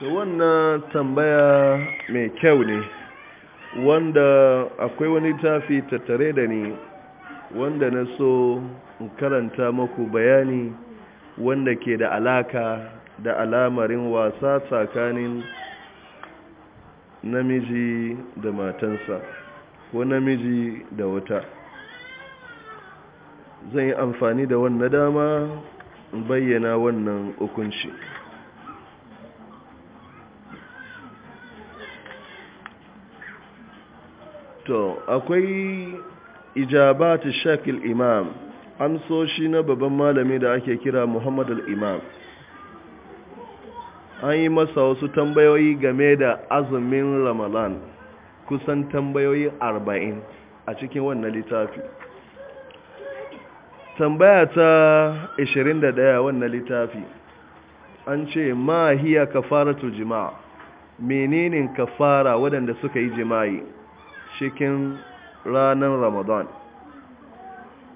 to wannan tambaya mai kyau ne wanda akwai wani tafi tattare da ni wanda na so in karanta maku bayani wanda ke da alaka da alamarin wasa tsakanin namiji da matansa ko namiji da wata zan yi amfani da wannan dama bayyana wannan hukunci. to akwai ijabatu shakil imam amsoshi na babban malami da ake kira muhammad al-imam an yi masa wasu tambayoyi game da azumin ramadan kusan tambayoyi arba'in a cikin wannan littafi tambaya ta 21 wannan littafi an ce ma hiya kafaratu jima'a menene kafara waɗanda suka yi jima'i cikin ranar ramadan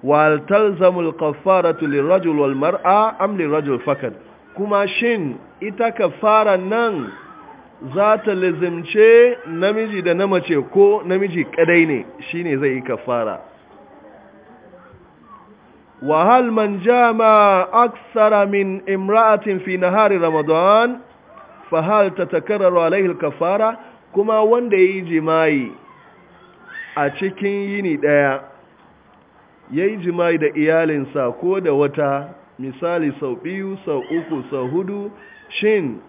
wal talzamul kaffaratu lirajul wal mar'a am rajul fakat kuma shin ita kafara nan za ta namiji da na mace ko namiji kadai ne shine zai yi kafara Wahal hal man jama aksara min imra'atin fi nahari ramadan fa ta tatakarraru alaihi kafara kuma wanda yayi jima'i a cikin yini ɗaya ya yi jima'i da iyalinsa ko da wata misali sau biyu sau uku sau hudu shin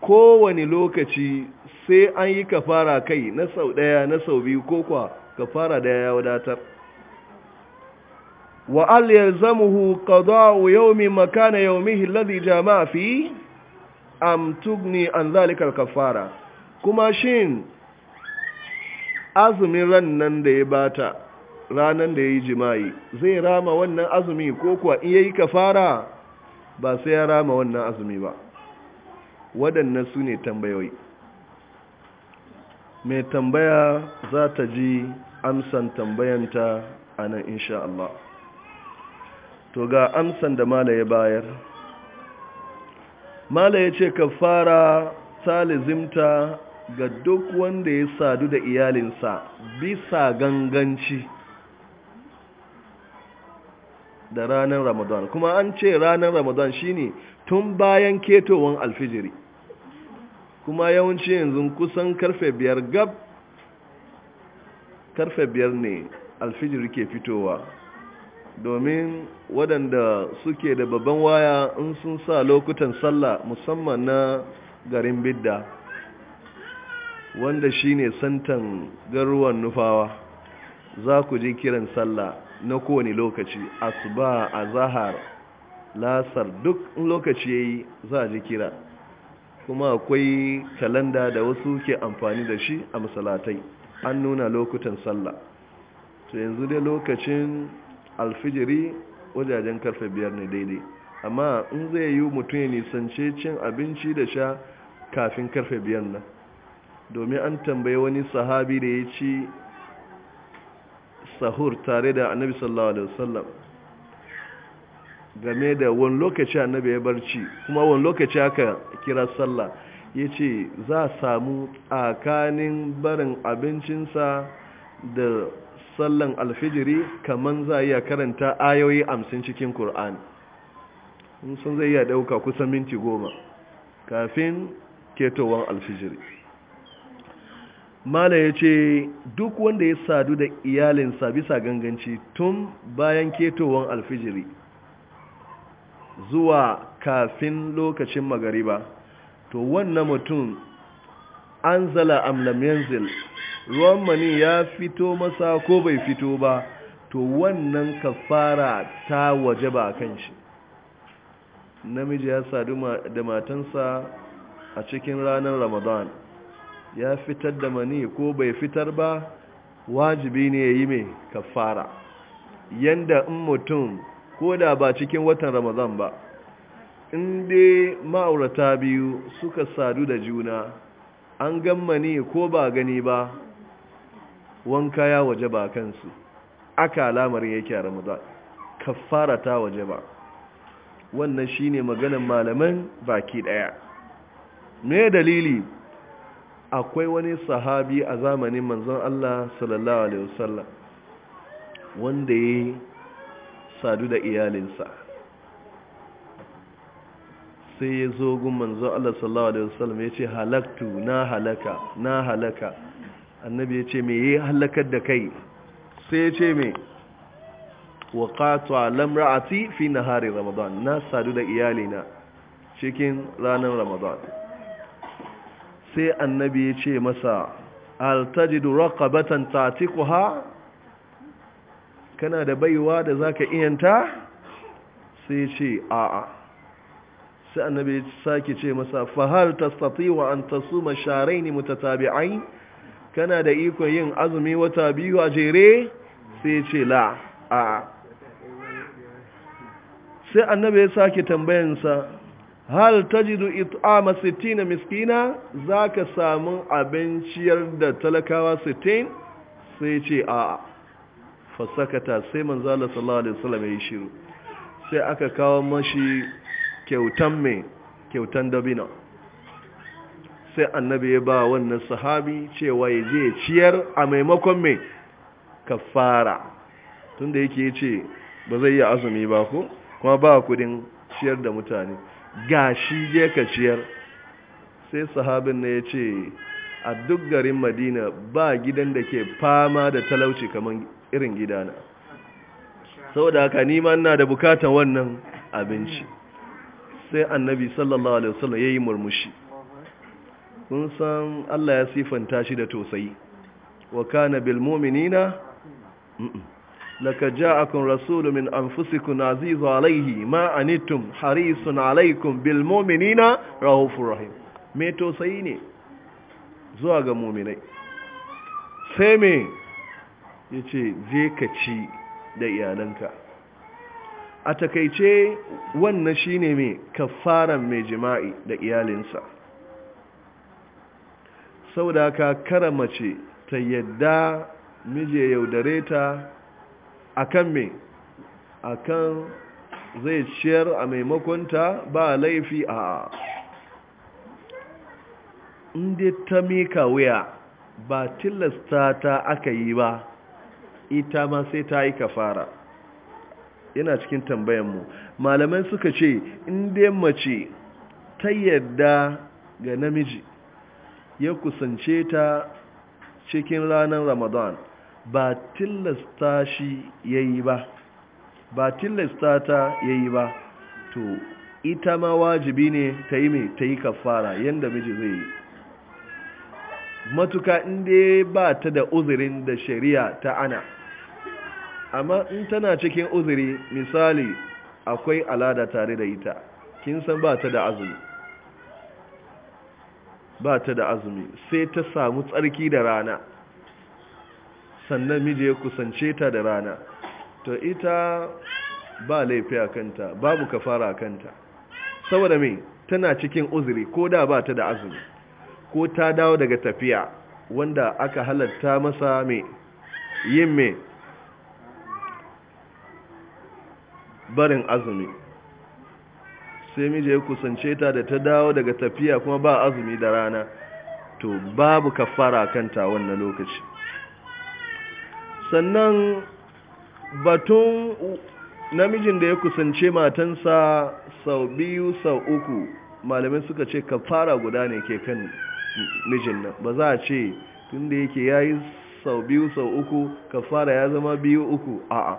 kowane lokaci sai an yi kafara kai na sau ɗaya na sau biyu ko kwa kafara ɗaya ya wadatar wa al yalzamuhu qada'u yawmi makana yawmihi alladhi jama'a fi amtugni an zalikar kafara kuma shin azumin rannan da ya bata ranan da ya yi jima'i zai rama wannan azumi ko kuwa in ya yi fara ba sai ya rama wannan azumi ba waɗannan su ne tambayoyi mai tambaya za ta ji amsan tambayanta a nan insha Allah to ga amsan da mala ya bayar mala ya ce ka fara ta lizimta ga duk wanda ya sadu da iyalinsa bisa ganganci da ranar ramadan kuma an ce ranar ramadan shine tun bayan ketowan alfijiri kuma yawanci yanzu kusan karfe biyar gab karfe biyar ne alfijiri ke fitowa domin waɗanda suke da babban waya in sun sa lokutan sallah musamman na garin bidda wanda shine santan garuwan nufawa za ku ji kiran sallah na kowane lokaci asuba a zahar lasar duk lokaci ya yi za ji kira kuma akwai kalanda da wasu ke amfani da shi a masalatai an nuna lokutan sallah to yanzu dai lokacin alfijiri wajajen karfe biyar ne daidai amma in zai yi mutum ya nisance cin abinci da sha kafin karfe biyar nan domin an tambaye wani sahabi da ya ci sahur tare da annabi sallallahu alaihi wasallam game da wani lokaci annabi ya barci kuma wani lokaci aka kira sallah ya ce za a samu tsakanin barin abincinsa da sallan alfijiri kamar za a iya karanta ayoyi amsin cikin Kur'an. sun zai iya ɗauka kusan minti goma kafin ketowar alfijiri mala ya ce duk wanda ya sadu da iyalinsa bisa ganganci tun bayan ketowar alfijiri zuwa kafin lokacin magariba to wannan mutum an zala amlamenzil ruwan mani ya fito masa ko bai fito ba to wannan kafara ta waje ba kan shi namiji ya sadu da matansa a cikin ranar ramadan ya fitar da mani ko bai fitar ba wajibi ne ya yi mai kafara yanda in mutum ko da ba cikin watan ramazan ba Inda ma'aurata biyu suka sadu da juna an gan mani ko ba gani ba wanka ya waje ba kansu aka alamarin yake a ramazan kafara ta waje ba wannan shine maganin malaman baki daya me dalili akwai wani sahabi a zamanin manzon Allah sallallahu alaihi wasallam wanda ya sadu da iyalinsa sai ya zo gun manzon Allah sallallahu alaihi wasallam ya ce halaktu na halaka na halaka annabi ya ce me yi halakar da kai sai ya ce me waqatu alamra'ati fi nahari ramadan na sadu da iyalina cikin ranar ramadan sai annabi ya ce masa altajidu raqabatan tatiquha kana da baiwa da zaka iyanta sai ce a'a sai annabi ya sake ce masa fahal wa an tasuma sharain mutatabi'ain kana da ikon yin azumi wata biyu a jere sai ce la a'a sai annabi ya sake tambayansa hal tajidu it'ama 60 miskina zaka samu abinciyar da talakawa 60 sai ce a'a fasakata sai manzo da sallallahu alaihi wasallam ya shiru sai aka kawo mashi kyautan me kyautan dabina sai annabi ya ba wannan sahabi cewa ya je ciyar a maimakon me kafara tunda yake yace ba zai yi azumi ba ko kuma ba kudin ciyar da mutane Ga shi je ka ciyar sai sahabin na ya ce a duk garin madina ba gidan da ke fama da talauci kamar irin gidana saboda haka nima na da bukatan wannan abinci sai annabi sallallahu alaihi wasallam yayi murmushi kun san Allah ya sifanta shi da tosai. wa kana bil mu'minina لقد جاءكم رسول من أنفسكم عزيز عليه ما أنتم حريص عليكم بالمؤمنين رؤوف رحيم me tausayi ne zuwa ga muminai sai me yace je ka ci da iyalanka a takaice wannan shine mai kafaran mai jima'i da iyalinsa saboda ka karamace ta yadda mije yaudare ta akan me akan zai ciyar a maimakonta ba laifi a inda ta mika wuya ba tilasta ta aka yi ba ita ma sai ta yi kafara yana cikin mu. malamai suka ce inda mace ta yadda ga namiji ya kusance ta cikin ranar ramadan ba tilasta shi yayi ba ba tilasta ta yayi ba to ita ma wajibi ne ta yi mai ta yi kafara yadda miji zai yi matuka inda ba ta da uzurin da shari'a ta ana amma in tana cikin uzuri misali akwai alada tare da ita kin san ba ta da azumi ba ta da azumi sai ta samu tsarki da rana sannan miji ya kusance ta da rana to ita ba laifi a kanta babu kafara a kanta saboda mai tana cikin uzuri ko da ba ta da azumi ko ta dawo daga tafiya wanda aka halatta masa mai yin mai barin azumi sai miji ya kusance ta da ta dawo daga tafiya kuma ba azumi da rana to babu kafara kanta wannan lokaci sannan batun namijin da ya kusance matansa sau biyu sau uku malamai suka ce ka fara guda ne ke kan mijin nan ba za a ce tun da yake ya yi sau biyu sau uku ka fara ya zama biyu uku a'a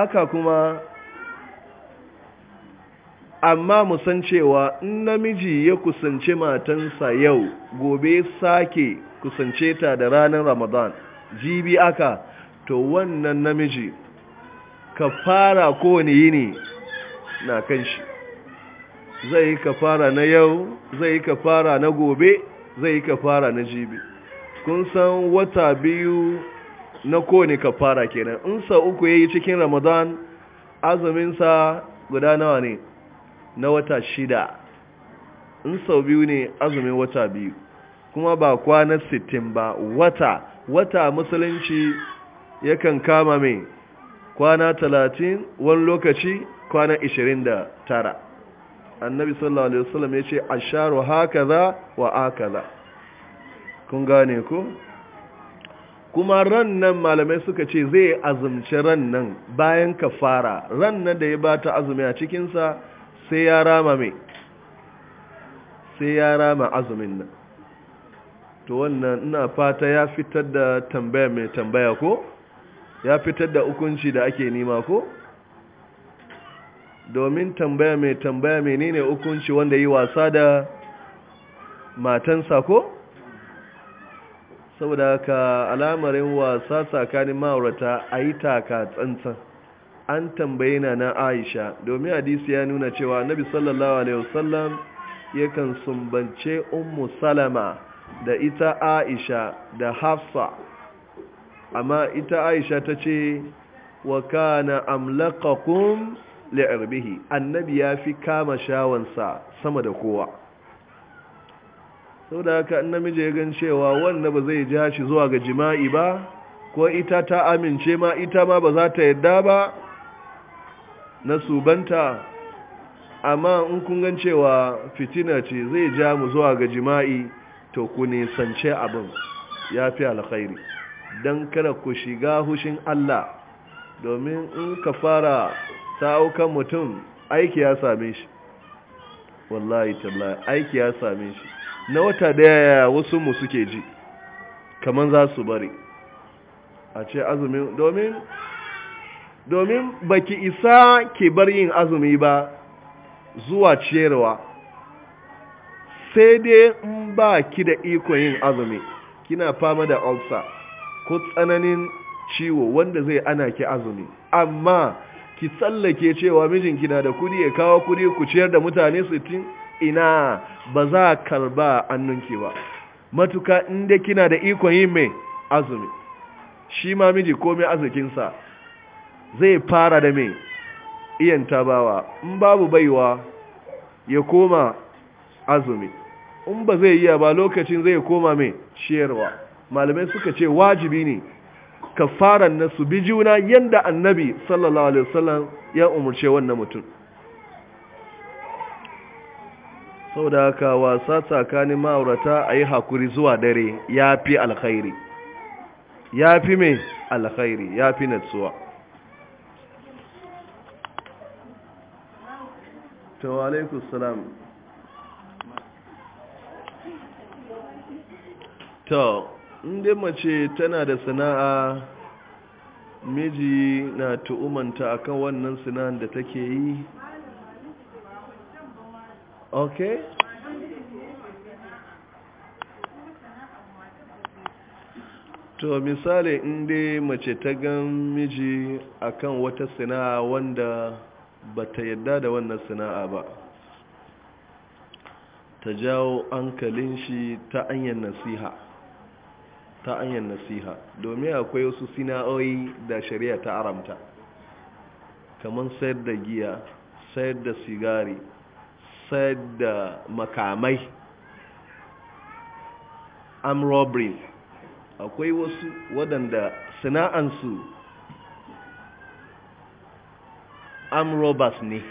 aka kuma amma mu san cewa in namiji ya kusance matansa yau gobe sake kusance ta da ranar ramadan jibi aka to wannan namiji ka fara kowane yini na kan shi zai yi ka fara na yau zai yi ka fara na gobe zai yi ka fara na jibi kun san wata biyu na kowane ka fara kenan in sa uku ya yi cikin ramadan azuminsa guda nawa ne na wata shida in sau biyu ne azumin wata biyu kuma ba kwanar sittin ba wata wata musulunci yakan kama mai kwana talatin wani lokaci kwana ishirin da tara annabi sallallahu alaihi wasallam ya ce asharu haka za wa aka za kun gane ku kuma ran nan malamai suka ce zai azumci ran nan bayan kafara ran nan da ya ba ta azumi a cikinsa sai ya rama mai sai ya rama azumin nan to wannan ina fata ya fitar da tambaya mai tambaya ko ya fitar da hukunci da ake nima ko domin tambaya mai tambaya ne hukunci wanda yi wasa da matansa ko saboda ka alamarin wasa tsakanin ma'aurata a yi taka tsantsan an tambayi na na aisha domin hadisi ya nuna cewa nabi sallallahu alaihi wasallam yakan sumbance ummu salama da ita aisha da hafsa amma ita aisha ta ce wa kana amlaqakum li'irbihi annabi ya fi kama shawansa sama da kowa sau da haka namiji ya gan cewa wanda ba zai ja shi zuwa ga jima'i ba ko ita ta amince ma ita ma ba za ta yadda ba na subanta amma in kun gan cewa fitina ce zai ja mu zuwa ga jima'i to ku nisance abin ya fi alkhairi don kada ku shiga hushin Allah domin in ka fara ta mutum aiki ya same shi wallahi tallahi aiki ya same shi na wata daya wasu mu suke ji kamar za su bari a ce azumin domin domin baki isa ki bar yin azumi ba zuwa ciyarwa sai dai in ba ki da iko yin azumi kina fama da ulcer ko tsananin ciwo wanda zai ana ki azumi amma ki tsallake cewa mijinki na da kudi ya kawo kudi ku ciyar da mutane sittin ina ba za karba annunki ba matuka inda kina da ikon yin mai azumi shi ma miji komai arzikinsa zai fara da mai iyan tabawa in babu baiwa ya koma azumi in ba zai iya ba lokacin zai koma mai shiyarwa malamai suka ce wajibi ne fara na su bi juna yadda annabi sallallahu alaihi wasallam ya umarce wannan mutum sau da haka wasa tsakanin ma'aurata a yi haƙuri zuwa dare ya fi alkhairi ya fi mai alkhairi ya fi natsuwa to salam to inda mace tana da sana'a miji na tu'umanta akan wannan sana'ar da take yi ok to misali inda mace ta gan miji akan wata sana'a wanda ba ta yadda da wannan sana'a ba ta jawo hankalin shi ta anyan nasiha ta anyan nasiha domin akwai wasu sana'o'i da shari'a ta aramta kamar sayar da giya sayar da sigari sayar da makamai am robbery akwai wasu waɗanda sana'ansu amrobas ne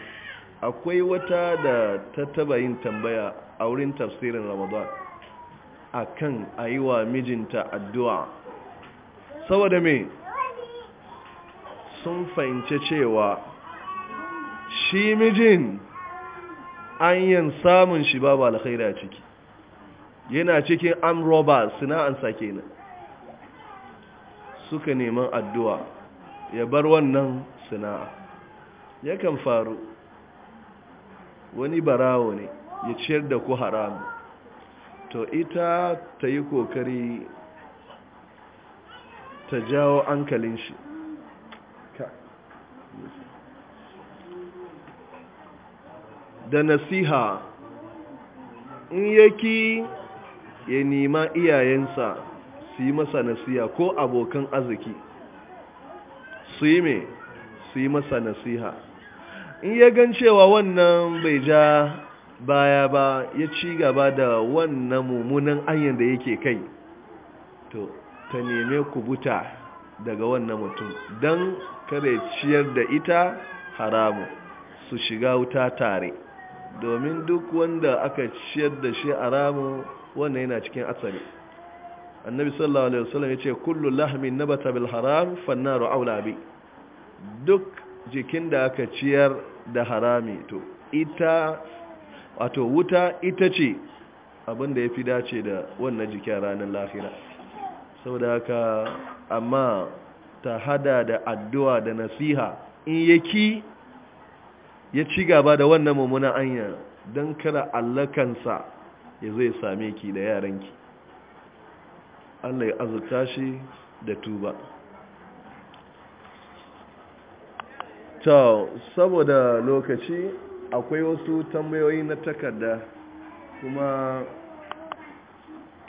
akwai wata da ta taba yin tambaya a wurin tafsirin ramadan a kan a yi wa mijinta addu'a saboda me sun fahimci cewa shi mijin an yin samun shi babu alkhaira ciki yana cikin amroba sake kenan suka neman addu'a ya bar wannan sana'a yakan faru wani barawo ne ya ciyar da ku haramu to ita ta yi kokari ta jawo ankalin shi da nasiha in yaki ya nima iyayensa su yi masa nasiha ko abokan arziki su yi mai su yi masa nasiha in ya gan cewa wannan bai ja baya ba ya ci gaba da wannan mummunan anyan da yake kai to ta neme kubuta daga wannan mutum don kare ciyar da ita haramu su shiga wuta tare domin duk wanda aka ciyar da shi haramu wannan yana cikin asali annabi sallallahu alaihi wasallam ya ce kullu lahmin nabata bil haram fannaru aula bi duk jikin da aka ciyar da harami to ita wato wuta ita ce abinda ya fi dace da wannan jikin ranar lahira saboda haka amma ta hada da addu'a da nasiha in yaki ya ci gaba da wannan mummunan anya don kada allakansa ya zai same ki da yaranki Allah ya azurta shi da tuba ta saboda lokaci akwai wasu tambayoyi na takarda kuma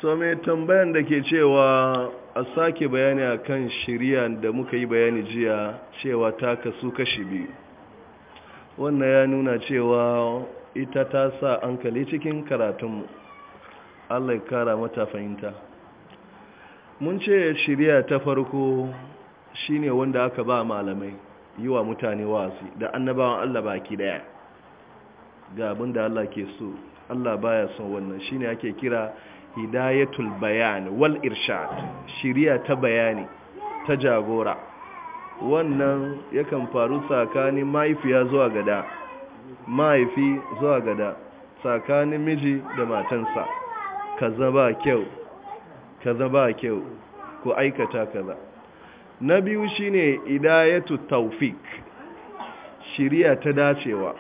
to mai tambayan da ke cewa a sake bayani a kan shirya da muka yi bayani jiya cewa ta kasu kashi biyu wannan ya nuna cewa ita ta sa an cikin karatunmu allah kara mata fahimta mun ce shirya ta farko shine wanda aka ba malamai yi wa mutane wasu da annabawan Allah baki daya ga abin da Allah ke so Allah baya son wannan shine ake kira hidayatul bayan wal irshad shiriya ta bayani ta jagora wannan yakan faru tsakanin mahaifiya zuwa gada mahaifi zuwa gada tsakanin miji da matansa kaza ba kyau kaza ba kyau ko aikata kaza na biyu shi shine idayatu taufik shirya ta dacewa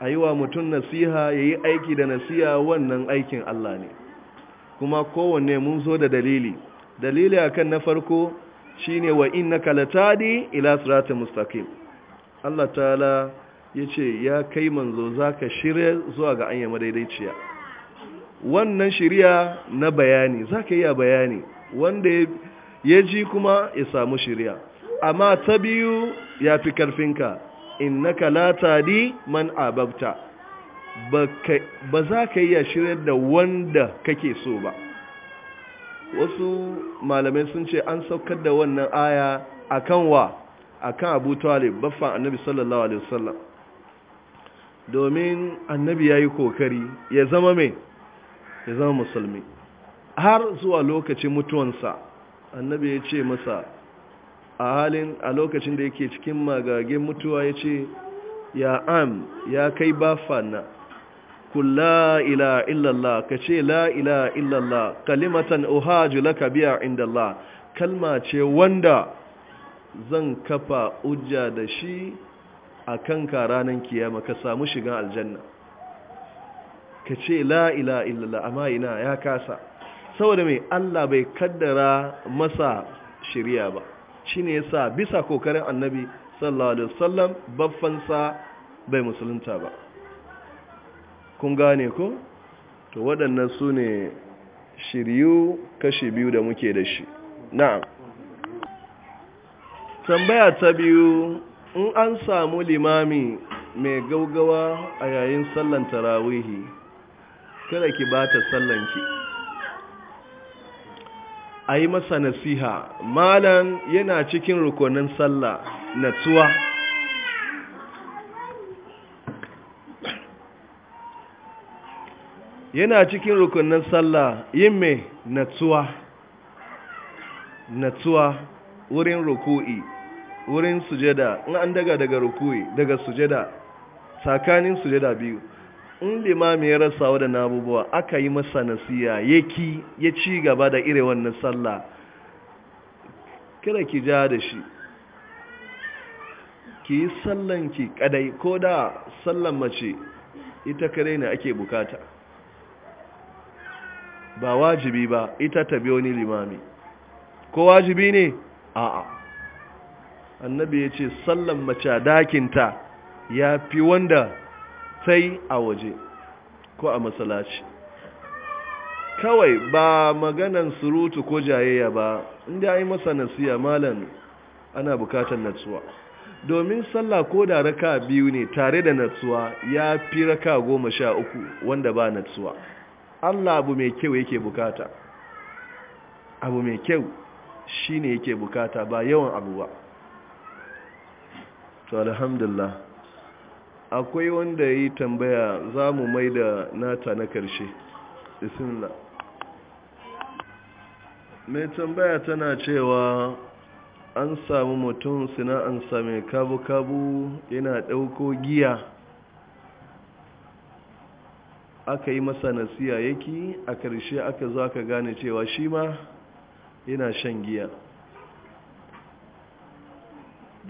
a yi wa mutum nasiha ya yi aiki da nasiha wannan aikin Allah ne kuma kowanne mun zo da dalili dalili akan na farko shine wa innaka latadi ila mustaqim Allah ta'ala yace ya kai manzo za ka shirya zuwa ga anya madaidaiciya wannan shiriya na bayani za ka yi a bayani wanda ya ya ji kuma ya samu shirya amma ta biyu ya fi karfinka ka la di man ababta ba za ka iya shiryar da wanda kake so ba wasu malamai sun ce an saukar da wannan aya akan wa akan Abu Talib baffan Annabi sallallahu alaihi wasallam domin Annabi ya yi kokari ya zama mai ya zama musulmi har zuwa lokacin mutuwansa annabi ya ce masa a halin a lokacin da yake cikin magagen mutuwa ya ce ya am ya kai bafana kula ila illallah ka ce la illallah kalimatan uhaju laka biya inda Allah kalma ce wanda zan kafa ujja da shi a kanka ranar kiyama ka samu shigan aljanna ka ce la illallah amma ina ya kasa saboda mai Allah bai kaddara masa shirya ba shi ne sa bisa kokarin annabi sallallahu alaihi wasallam baffansa bai musulunta ba kun gane ko to waɗannan su ne shiryu kashi biyu da muke da shi na'am tambaya ta biyu in an samu limami mai gaugawa a yayin sallan tarawihi kada ki ba ta sallanki a yi masa nasiha malan yana cikin rukunin sallah natsuwa yana cikin rukunin sallah yin mai natsuwa natsuwa wurin ruku'i wurin sujada in an daga daga ruku'i daga sujada tsakanin sujada biyu in limami ya rasa waɗannan abubuwa aka yi masa nasiya ya ya ci gaba da ire wannan sallah kada ki ja da shi ki yi sallanki kadai ko da sallan mace ita kadai ne ake bukata ba wajibi ba ita ta biyo ni limami ko wajibi ne a' annabi ya ce sallan mace dakinta ya fi wanda sai a waje ko a matsalaci kawai ba maganan surutu ko jayayya ba inda yi masa nasiya malam ana bukatar natsuwa domin sallah ko da raka biyu ne tare da natsuwa ya fi raka goma sha uku wanda ba natsuwa allah abu mai kyau yake bukata abu mai kyau shine yake bukata ba yawan abu ba to alhamdulillah akwai wanda ya yi tambaya za mu mai da nata na karshe bismillah mai tambaya tana cewa an samu mutum sana'an same kabu-kabu yana ɗauko giya aka yi masa nasiya yake a ƙarshe aka zo aka gane cewa shi ma yana shan giya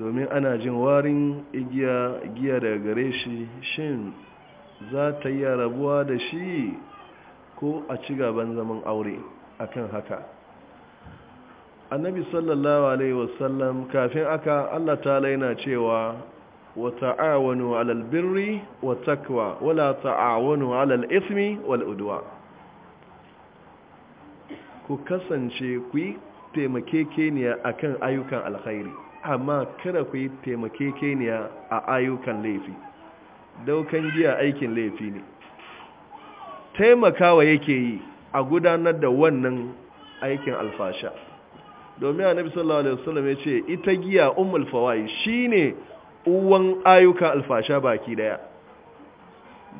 domin ana jin warin igiya giya daga gare shi shin za ta yi rabuwa da shi ko a ci gaban zaman aure akan haka annabi sallallahu alaihi wasallam kafin aka Allah ta laina cewa wa ta'awanu 'alal birri wa takwa wala ta'awanu 'alal ismi wal udwa ku kasance ku yi taimakekeniya akan ayyukan alkhairi amma kada ku yi taimakekeniya a ayyukan laifi daukan giya aikin laifi ne taimakawa yake yi a gudanar da wannan aikin alfasha domin nabi sallallahu alaihi wasallam ya ce ita giya ummul fawai shine uwan ayyukan alfasha baki daya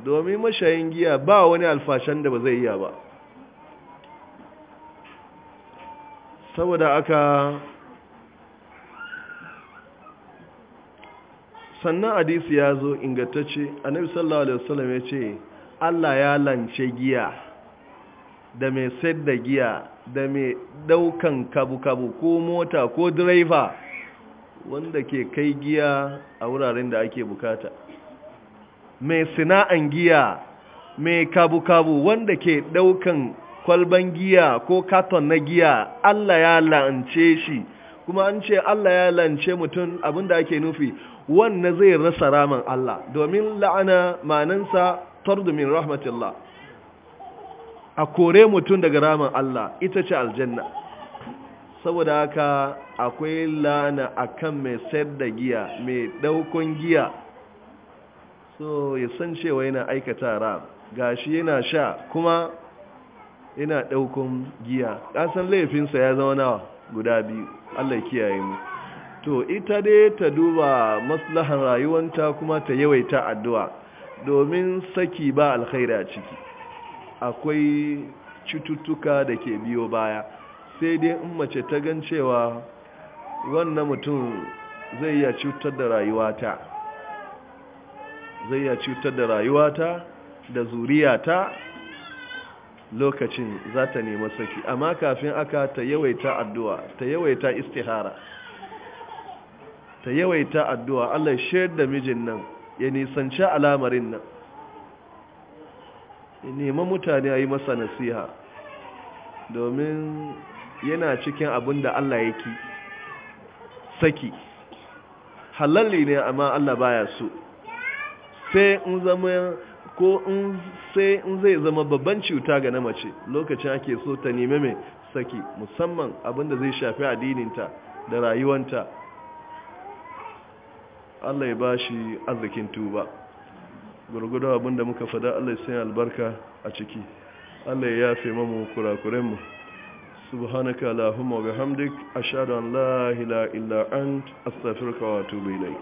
domin mashayin giya ba wani alfashan da ba zai iya ba saboda aka sannan hadisi ya zo ingantacce annabi sallallahu alaihi wasallam ya ce Allah ya lance giya da mai sayar da giya da mai daukan kabu-kabu ko mota ko direba wanda ke kai giya a wuraren da ake bukata mai sina'an giya mai kabu-kabu wanda ke daukan kwalban giya ko katon na giya Allah ya lance shi kuma an ce Allah ya lance mutum abinda ake nufi wannan zai rasa raman Allah domin la'ana manansa tardu min rahmatillah a kore mutum daga raman Allah ita ce aljanna saboda haka akwai la'ana akan mai sayar da giya mai daukon giya so ya san cewa yana aikata ram gashi yana sha kuma yana daukon giya kasan laifinsa ya zama nawa guda biyu Allah kiyaye mu to ita dai ta duba maslahan rayuwanta kuma ta yawaita addu'a domin saki ba alkhaira a ciki akwai cututtuka da ke biyo baya sai dai in mace ta gan cewa wannan mutum zai iya cutar da rayuwata zai iya cutar da rayuwata da zuriyata lokacin za ta nemi saki amma kafin aka ta yawaita addu'a ta yawaita istihara ta yawaita addu'a Allah shayar da mijin nan ya nisanci alamarin nan ya nema mutane a yi masa nasiha domin yana cikin abin da Allah ya ki saki halalli ne amma Allah baya so sai in zama ko in sai in zai zama babban cuta ga na mace lokacin ake so ta nemi mai saki musamman abin da zai shafi addininta da rayuwanta Allah ya bashi arzikin tuba gurgudu abinda muka fada Allah ya sanya albarka a ciki Allah ya yafe mamu kurakuren mu subhanaka allahumma wa bihamdik ashhadu an la ilaha illa ant astaghfiruka wa atubu ilayk